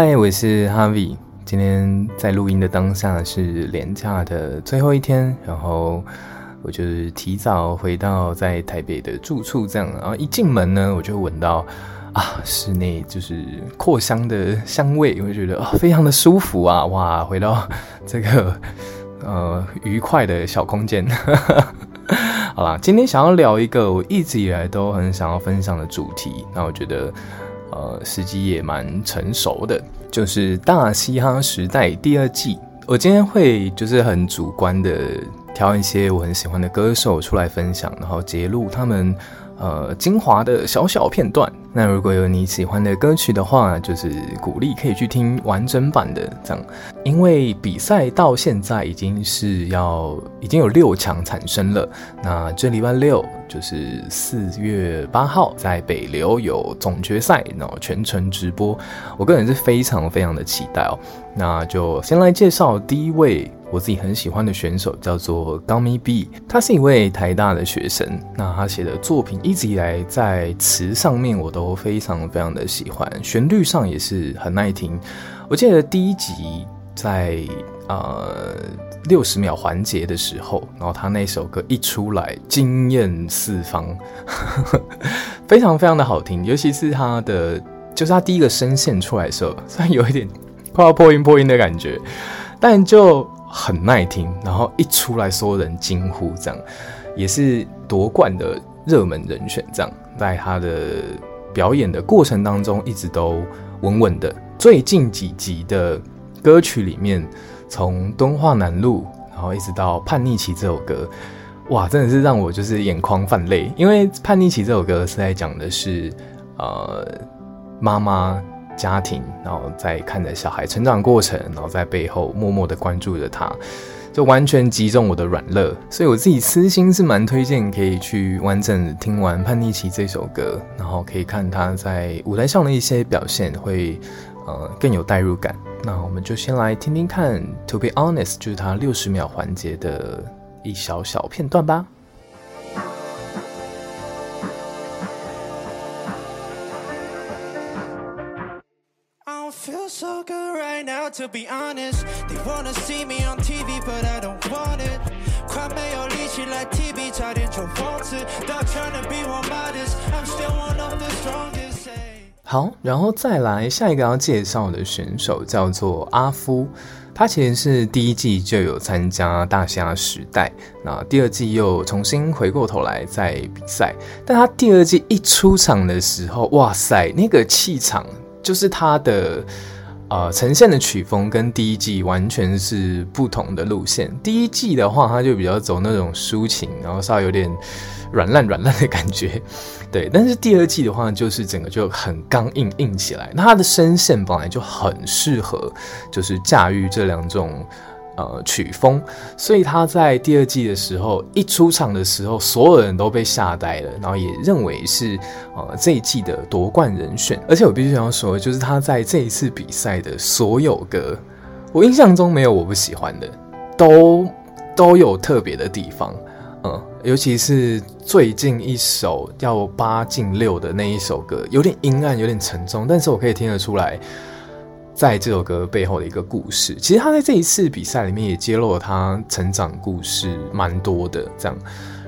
嗨，我是 Harvie。今天在錄音的當下是連假的最後一天，然後我就是提早回到在台北的住處，這樣。然後一進門呢，我就聞到啊，室內就是擴香的香味，我會覺得啊、哦，非常的舒服啊，哇，回到這個呃愉快的小空間。 好啦，今天想要聊一個我一直以來都很想要分享的主題，那我覺得。呃，時機也蠻成熟的，就是《大嘻哈時代》第二季。我今天會就是很主觀的挑一些我很喜歡的歌手出來分享，然後截錄他們呃精華的小小片段。那如果有你喜歡的歌曲的話啊，就是鼓勵可以去聽完整版的，這樣。因為比賽到現在已經是要已經有六強產生了，那這禮拜六就是四月八號在北流有總決賽，然後全程直播，我個人是非常非常的期待哦。那就先來介紹第一位。我自己很喜歡的選手叫做 Gummy B，他是一位台大的學生。那他寫的作品一直以來在詞上面我都非常非常的喜歡，旋律上也是很耐聽。我記得第一集在呃六十秒環節的時候，然後他那首歌一出來驚艷四方呵呵，非常非常的好聽。尤其是他的，就是他第一個聲線出來的時候，雖然有一點快要破音破音的感覺，但就。很耐聽，然後一出來說人驚呼，這樣也是奪冠的熱門人選。這樣，在他的表演的過程當中，一直都穩穩的。最近幾集的歌曲裡面，從敦化南路，然後一直到《叛逆期》這首歌，哇，真的是讓我就是眼眶泛淚。因為《叛逆期》這首歌是在講的是，呃，媽媽。家庭，然後在看着小孩成長過程，然後在背後默默的關注着他，就完全擊中我的軟肋。所以我自己私心是蠻推薦可以去完整聽完《叛逆期》這首歌，然後可以看他在舞台上的一些表現會，會呃更有代入感。那我們就先來聽聽看《To Be Honest》就是他六十秒環節的一小小片段吧。好，然後再來下一個要介紹的選手叫做阿夫，他其實是第一季就有參加《大嘻哈時代》，那第二季又重新回過頭來再比賽，但他第二季一出場的時候，哇塞，那個氣場就是他的。呃，呈現的曲風跟第一季完全是不同的路線。第一季的話，它就比較走那種抒情，然後稍微有點軟爛軟爛的感覺，對。但是第二季的話，就是整個就很剛硬硬起來。那他的聲線本來就很適合，就是駕馭這兩種。呃，曲風，所以他在第二季的時候一出場的時候，所有人都被嚇呆了，然後也認為是呃這一季的奪冠人選。而且我必須要說，就是他在這一次比賽的所有歌，我印象中沒有我不喜歡的，都都有特別的地方，嗯、呃，尤其是最近一首叫八進六的那一首歌，有點陰暗，有點沉重，但是我可以聽得出來。在這首歌背後的一個故事，其實他在這一次比賽裡面也揭露了他成長故事蠻多的這樣，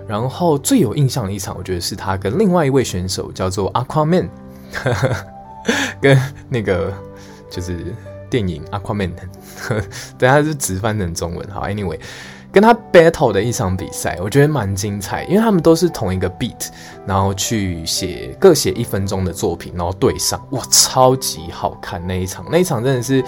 然後最有印象的一場，我覺得是他跟另外一位選手叫做 Aquaman，呵呵跟那個就是電影 Aquaman，對他是直翻成中文好，Anyway。跟他 battle 的一場比賽，我覺得蠻精彩，因為他們都是同一個 beat，然後去寫各寫一分鐘的作品，然後對上，哇，超級好看那一場，那一場真的是，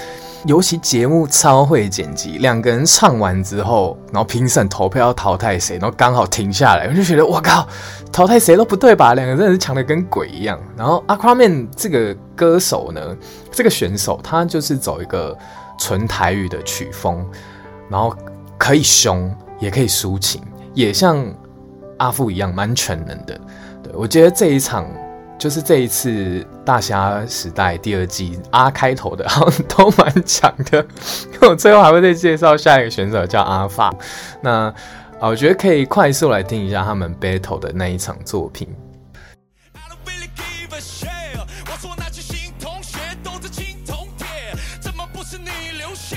尤其節目超會剪輯，兩個人唱完之後，然後評審投票要淘汰誰，然後剛好停下來，我就覺得我靠，淘汰誰都不對吧？兩個人真的是強得跟鬼一樣。然後阿跨面這個歌手呢，這個選手他就是走一個純台語的曲風，然後。可以凶，也可以抒情，也像阿富一樣蠻全能的。對，我覺得這一場就是這一次大嘻哈時代第二季阿開頭的，然後都蠻強的。 我最後還會再介紹下一個選手叫阿發。那啊，我覺得可以快速來聽一下他們 battle 的那一場作品。I don't really give a shit，我說那些新同學都是青銅鐵怎麼不是你留學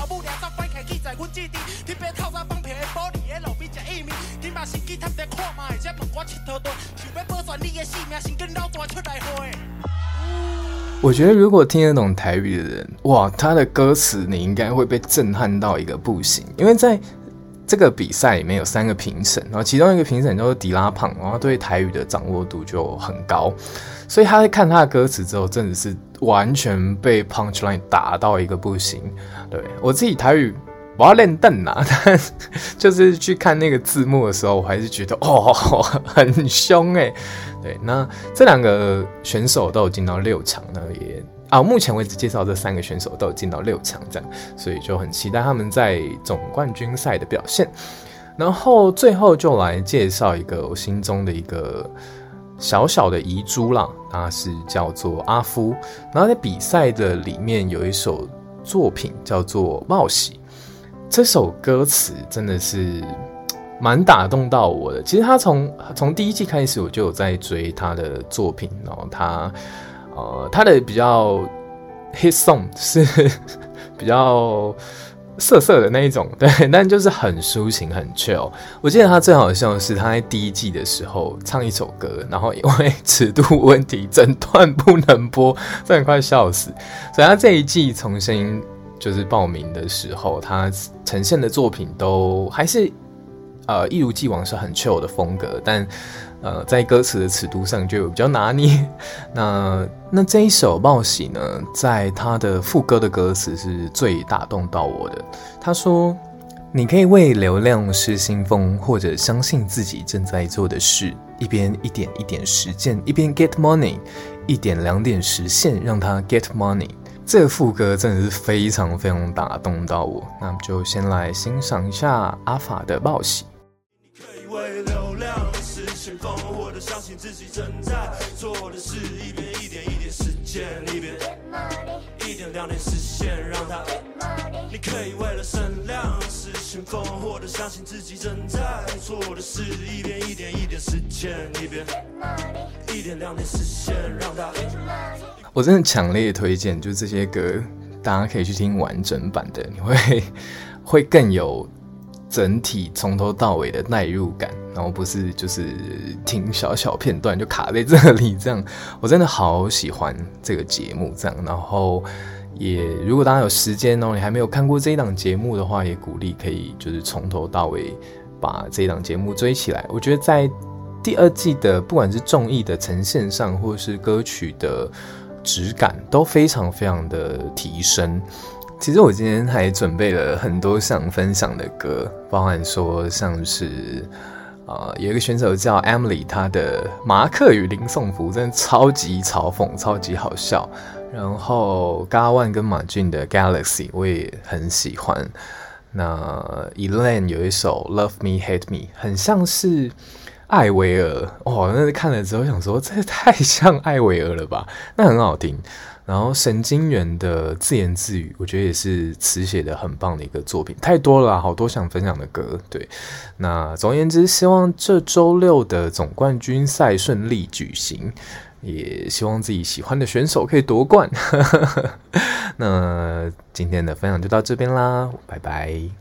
我覺得如果聽得懂台語的人，哇，他的歌詞你應該會被震撼到一個不行。因為在這個比賽裡面有三個評審，然後其中一個評審就是迪拉胖，然後對台語的掌握度就很高，所以他在看他的歌詞之後，真的是完全被 Punchline 打到一個不行。對，我自己台語。我要練瞪啦，啊、但就是去看那個字幕的時候，我還是覺得哦，很凶誒。對，那這兩個選手都有進到六強，那也啊，目前為止介紹這三個選手都有進到六強，這樣，所以就很期待他們在總冠軍賽的表現。然後最後就來介紹一個我心中的一個小小的遺珠啦，他是叫做阿夫。然後在比賽的裡面有一首作品叫做《冒險》。這首歌詞真的是蠻打動到我的。其實他從從第一季開始我就有在追他的作品哦，然後他呃他的比較 hit song 是呵呵比較色色的那一種，對，但就是很抒情很 chill。我記得他最好笑的是他在第一季的時候唱一首歌，然後因為尺度問題整段不能播，真的快笑死。所以他這一季重新。就是報名的時候，他呈現的作品都還是，呃，一如既往是很 chill 的風格，但，呃，在歌詞的尺度上就有比較拿捏。 那那這一首《報喜》呢，在他的副歌的歌詞是最打動到我的。他說：“你可以為流量失心瘋，或者相信自己正在做的事，一邊一點一點實踐，一邊 get money，一點兩點實現，讓他 get money。”這個副歌真的是非常非常打動到我，那麼就先來欣賞一下阿法的報喜。你可以為流量我真的強烈的推薦，就是這些歌，大家可以去聽完整版的，你會會更有整體從頭到尾的耐入感，然後不是就是聽小小片段就卡在這裡這樣。我真的好喜歡這個節目，這樣，然後。也如果大家有時間哦，你還沒有看過這一檔節目的話，也鼓勵可以就是從頭到尾把這一檔節目追起來。我覺得在第二季的不管是綜藝的呈現上，或是歌曲的質感都非常非常的提升。其實我今天還準備了很多想分享的歌，包含說像是啊，呃，有一個選手叫 Emily，他的《馬克與林頌福》真的超級嘲諷，超級好笑。然後 Gavin 跟馬俊的 Galaxy 我也很喜歡。那 Elaine 有一首 Love Me Hate Me，很像是艾薇兒。哇、哦，那看了之後想說，這太像艾薇兒了吧？那很好聽。然後神經元的自言自語，我覺得也是詞寫的很棒的一個作品。太多了、啊，好多想分享的歌。對，那總而言之，希望這週六的總冠軍賽順利舉行。也希望自己喜歡的選手可以奪冠，呵呵呵。那今天的分享就到這邊啦，拜拜。